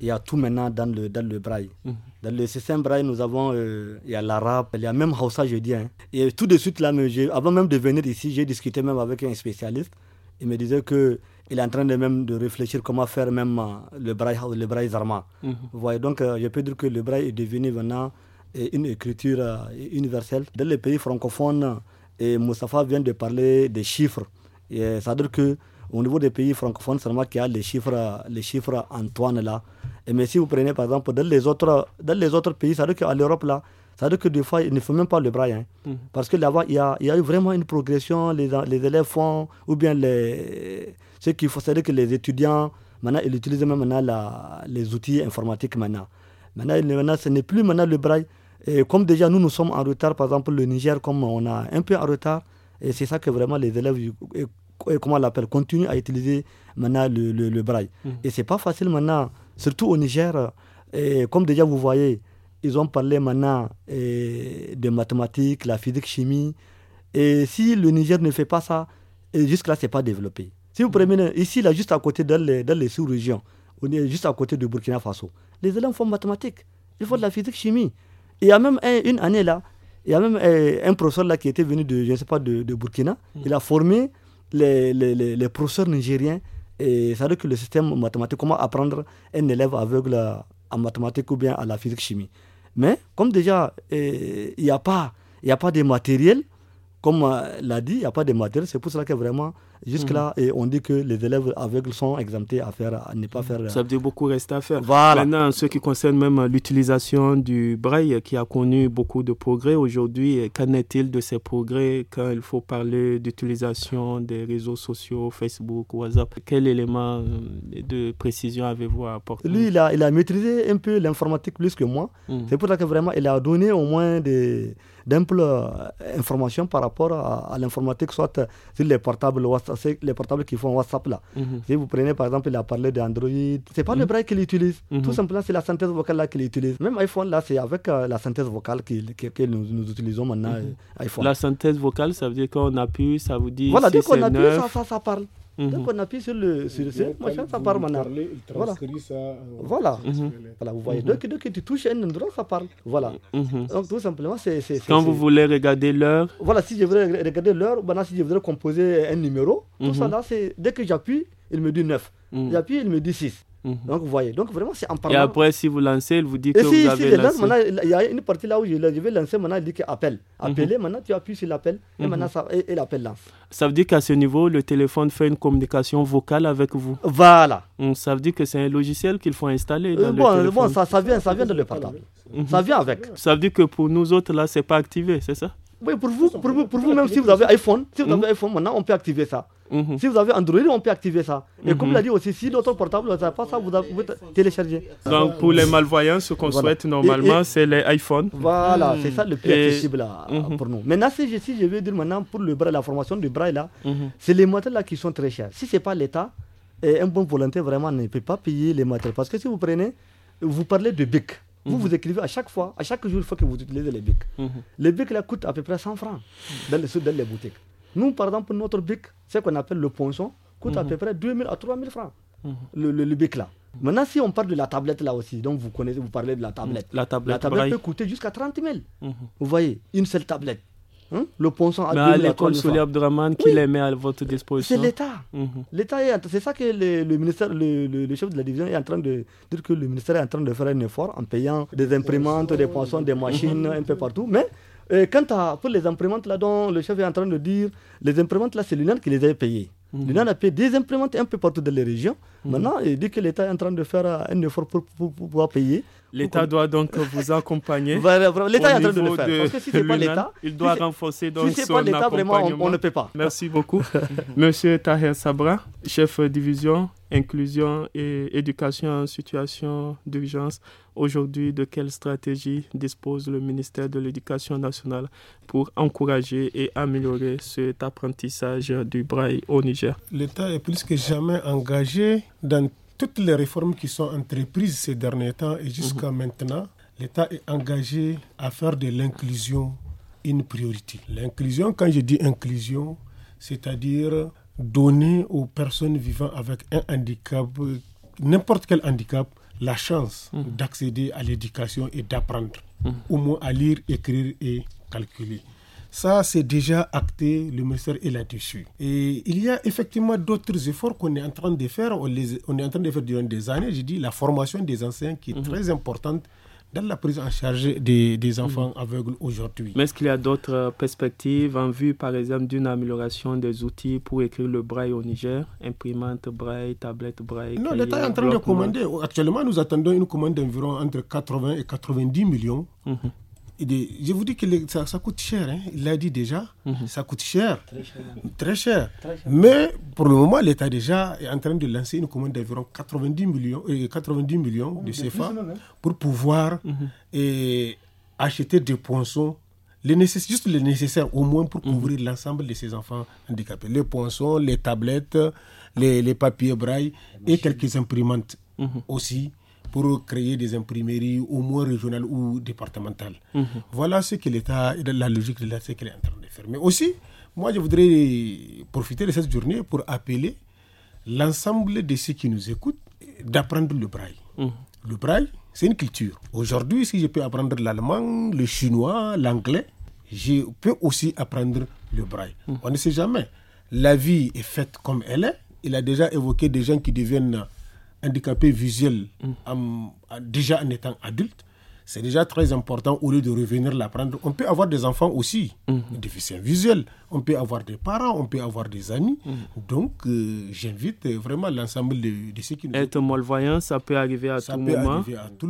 il y a tout maintenant dans le, dans le braille. Mhm. Dans le système braille, nous avons, euh, il y a l'arabe, il y a même Hausa, je dis. Hein. Et tout de suite, là, avant même de venir ici, j'ai discuté même avec un spécialiste. Il me disait que il est en train de même de réfléchir comment faire même euh, le braille, le braille zarma. Mhm. Vous voyez, donc euh, je peux dire que le braille est devenu maintenant une écriture universelle. Dans les pays francophones, et Moustapha vient de parler des chiffres. C'est-à-dire que au niveau des pays francophones seulement qu'il y a les chiffres, les chiffres Antoine là, mais si vous prenez par exemple dans les autres, dans les autres pays, ça veut dire qu'à l'Europe là, ça veut dire que des fois, il ne faut même pas le braille. Hein. Mm. Parce que là-bas, il y a, y a, eu vraiment une progression, les, les élèves font, ou bien les, ce qu'il faut, c'est-à-dire que les étudiants, maintenant, ils utilisent même maintenant les outils informatiques maintenant. Maintenant, ce n'est plus maintenant le braille. Et comme déjà nous, nous sommes en retard, par exemple, le Niger, comme on a un peu en retard, et c'est ça que vraiment les élèves, et, comment on l'appelle, continuent à utiliser maintenant le, le, braille. Mm. Et ce Et pas facile maintenant surtout au Niger, euh, comme déjà vous voyez, ils ont parlé maintenant euh, de mathématiques, la physique, chimie. Et si le Niger ne fait pas ça, jusque-là, ce n'est pas développé. Si vous prenez mm. ici, là, juste à côté, dans les, sous-régions, juste à côté de Burkina Faso, les élèves font mathématiques, ils font de la physique, chimie. il y a même une année là, il y a même euh, un, professeur là qui était venu de, je sais pas, de, Burkina. Mm. Il a formé les professeurs nigériens et ça veut dire que le système mathématique, comment apprendre un élève aveugle en mathématiques ou bien à la physique-chimie. Mais comme déjà, il n'y a, pas, a pas de matériel, comme euh, l'a dit, il n'y a pas de matériel, c'est pour cela que vraiment Jusque-là, mhm. et on dit que les élèves aveugles sont exemptés à, faire, ne pas faire. Ça veut dire beaucoup reste à faire. Voilà. Maintenant, en ce qui concerne même l'utilisation du braille, qui a connu beaucoup de progrès aujourd'hui, qu'en est-il de ces progrès quand il faut parler d'utilisation des réseaux sociaux, Facebook, WhatsApp Quel élément euh, de précision avez-vous à apporter Lui, il a, il a maîtrisé un peu l'informatique plus que moi. Mhm. C'est pour ça que vraiment, il a donné au moins des d'imples euh, informations par rapport à, l'informatique, soit sur les portables WhatsApp c'est les portables qui font WhatsApp là. Mhm. Si vous prenez par exemple, il a parlé d'Android, c'est pas le mhm. braille qu'il utilise. Tout mhm. simplement, c'est la synthèse vocale là qu'il utilise. Même iPhone là, c'est avec euh, la synthèse vocale que, nous, utilisons maintenant. Euh, iPhone. La synthèse vocale, ça veut dire qu'on appuie, ça vous dit. Voilà, dès qu'on appuie, ça, ça parle. Donc mhm. on appuie sur le sur ce machin, ça parle maintenant. Voilà. Ça, euh, voilà. Mhm. voilà. Vous voyez, donc, que tu touches un endroit, ça parle. Voilà. Mhm. Donc tout simplement, c'est. Quand vous voulez regarder l'heure. Voilà, si je voudrais regarder l'heure, maintenant si je voudrais composer un numéro, tout ça là, c'est dès que j'appuie, il me dit 9. J'appuie, il me dit 6. Mhm. Donc, vous voyez. Donc, vraiment, c'est en parlant. Et après, si vous lancez, il vous dit que vous si, avez si, lancé. il y a une partie là où je, vais lancer, maintenant, il dit qu'appel. appelle mhm. maintenant, tu appuies sur l'appel, et mhm. maintenant, ça, et, l'appel lance. Ça veut dire qu'à ce niveau, le téléphone fait une communication vocale avec vous. Voilà. Hmm, ça veut dire que c'est un logiciel qu'il faut installer. Euh, bon, euh, bon ça, vient, ça vient de le portable. Ça vient avec. Ça veut dire que pour nous autres, là, c'est pas activé, c'est ça oui, pour vous, même, si vous avez iPhone, si vous avez mhm. iPhone, maintenant on peut activer ça. Mhm. Si vous avez Android, on peut activer ça. Et comme mhm. l'a dit aussi, si d'autres portable n'a pas ça, vous pouvez télécharger. Donc pour les malvoyants, ce qu'on souhaite normalement, c'est les iPhones. Voilà, c'est ça le plus accessible pour nous. Maintenant, si je, si veux dire maintenant pour le braille, la formation du braille là, c'est les matériels là qui sont très chers. Si ce n'est pas l'État, un bon volontaire vraiment ne peut pas payer les matériels. Parce que si vous prenez, vous parlez de BIC. Vous, vous mhm. écrivez à chaque fois, à chaque jour, une fois que vous utilisez les bics. Mhm. Les bics, là, coûtent à peu près 100 francs dans les, boutiques. Nous, par exemple, notre bic, ce qu'on appelle le ponçon, coûte à mhm. peu près 2000 à 3000 francs, le, bic, là. Maintenant, si on parle de la tablette là aussi, donc vous connaissez, vous parlez de la tablette. La tablette, peut coûter jusqu'à 30 000. Vous voyez, une seule tablette. Hein? le ponçon à l'école qui les met à votre disposition. C'est l'État. Mhm. c'est ça que le, ministère, le, chef de la division est en train de dire que le ministère est en train de faire un effort en payant des imprimantes, des poissons, des machines un peu partout. Mais euh, quant à pour les imprimantes là dont le chef est en train de dire, les imprimantes là c'est l'UNAN qui les avait payées. Mmh. a payé des imprimantes un peu partout dans les régions. Mhm. Maintenant, il dit que l'État est en train de faire euh, un effort pour pouvoir payer. L'État doit donc vous [laughs] accompagner. l'État est en train de le faire. parce que si c'est pas l'État, il doit renforcer donc si son pas l'État, vraiment, on, ne peut pas. Merci beaucoup, [laughs] Monsieur Tahir Sabra, chef division inclusion et éducation en situation d'urgence. Aujourd'hui, de quelle stratégie dispose le ministère de l'Éducation nationale pour encourager et améliorer cet apprentissage du braille au Niger L'État est plus que jamais engagé dans toutes les réformes qui sont entreprises ces derniers temps et jusqu'à mhm. maintenant, l'État est engagé à faire de l'inclusion une priorité. L'inclusion, quand je dis inclusion, c'est-à-dire donner aux personnes vivant avec un handicap, n'importe quel handicap, la chance mhm. d'accéder à l'éducation et d'apprendre, mhm. au moins à lire, écrire et calculer. Ça, c'est déjà acté, le ministère est là-dessus. Et il y a effectivement d'autres efforts qu'on est en train de faire, on, est en train de faire durant des années. J'ai dit la formation des enseignants qui est mhm. très importante dans la prise en charge des, mhm. enfants aveugles aujourd'hui. Mais est-ce qu'il y a d'autres euh, perspectives en vue, par exemple, d'une amélioration des outils pour écrire le braille au Niger Imprimante braille, tablette braille Non, l'État est en train de commander. Actuellement, nous attendons une commande d'environ entre 80 et 90 millions. Mhm je vous dis que ça, coûte cher, hein. il l'a dit déjà, mhm. ça coûte cher, très cher. Mais pour le moment, l'État déjà est en train de lancer une commande d'environ 90 millions, 90 euh, millions de CFA hein. pour pouvoir mhm. et, euh, acheter des poinçons les juste les nécessaires au moins pour mhm. couvrir l'ensemble de ces enfants handicapés. Les poinçons, les tablettes, les, papiers braille et quelques imprimantes aussi pour créer des imprimeries au moins régionales ou départementales. Mhm. Voilà ce que l'État la logique de l'État est en train de faire. Mais aussi, moi, je voudrais profiter de cette journée pour appeler l'ensemble de ceux qui nous écoutent d'apprendre le braille. Mhm. Le braille, c'est une culture. Aujourd'hui, si je peux apprendre l'allemand, le chinois, l'anglais, je peux aussi apprendre le braille. Mhm. On ne sait jamais. La vie est faite comme elle est. Il a déjà évoqué des gens qui deviennent handicapé visuel déjà en étant adulte, c'est déjà très important au lieu de revenir l'apprendre. On peut avoir des enfants aussi, mhm. déficients visuels, on peut avoir des parents, on peut avoir des amis. Mhm. Donc, euh, j'invite euh, vraiment l'ensemble de, ceux qui nous... Être malvoyant, ça peut arriver à tout moment.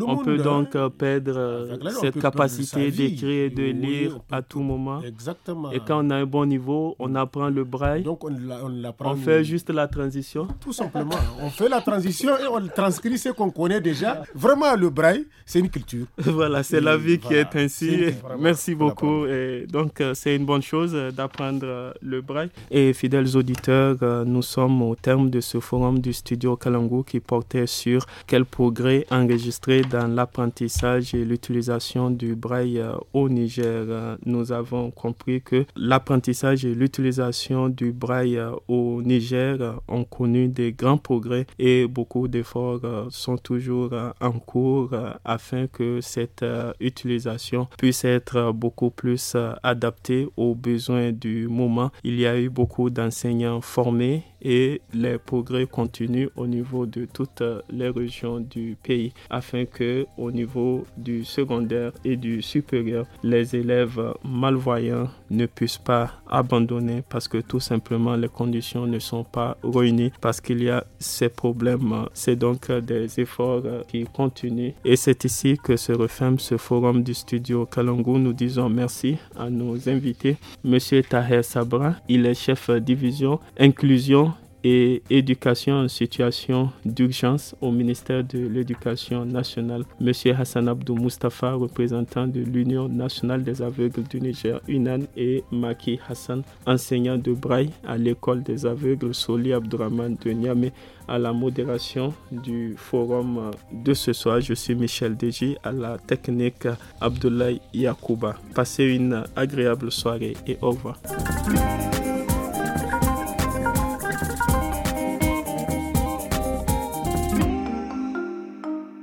on peut hein. donc euh, perdre cette capacité d'écrire et de lire à tout moment. Exactement. Et quand on a un bon niveau, on apprend le braille. Donc, on, l'apprend. On, fait juste la transition. Tout simplement. [laughs] on fait la transition et on transcrit ce qu'on connaît déjà. Vraiment, le braille, c'est une culture. [laughs] voilà, c'est la vie qui est ainsi. Merci beaucoup. Et donc, c'est une bonne chose d'apprendre euh, le braille. Et fidèles auditeurs, euh, nous sommes au terme de ce forum du studio Kalangu qui portait sur quels progrès enregistrés dans l'apprentissage et l'utilisation du braille euh, au Niger. Nous avons compris que l'apprentissage et l'utilisation du braille au Niger ont connu des grands progrès et beaucoup d'efforts sont toujours en cours afin que cette utilisation puisse être beaucoup plus adaptée aux besoins du moment. Il y a eu beaucoup d'enseignants formés et les progrès continuent au niveau de toutes euh, les régions du pays afin que au niveau du secondaire et du supérieur, les élèves malvoyants ne puissent pas abandonner parce que tout simplement les conditions ne sont pas réunies parce qu'il y a ces problèmes. C'est donc des efforts euh, qui continuent et c'est ici que se referme ce forum du studio Kalangou. Nous disons merci à nos invités, Monsieur Taher Sabra, il est chef division inclusion et éducation en situation d'urgence au ministère de l'Éducation nationale. Monsieur Hassan Abdou Mustafa, représentant de l'Union nationale des aveugles du Niger, UNAN, et Maki Hassan, enseignant de braille à l'école des aveugles Soli Abdurrahman de Niamey, à la modération du forum de ce soir. Je suis Michel Deji à la technique Abdoulaye Yakouba. Passez une agréable soirée et au revoir.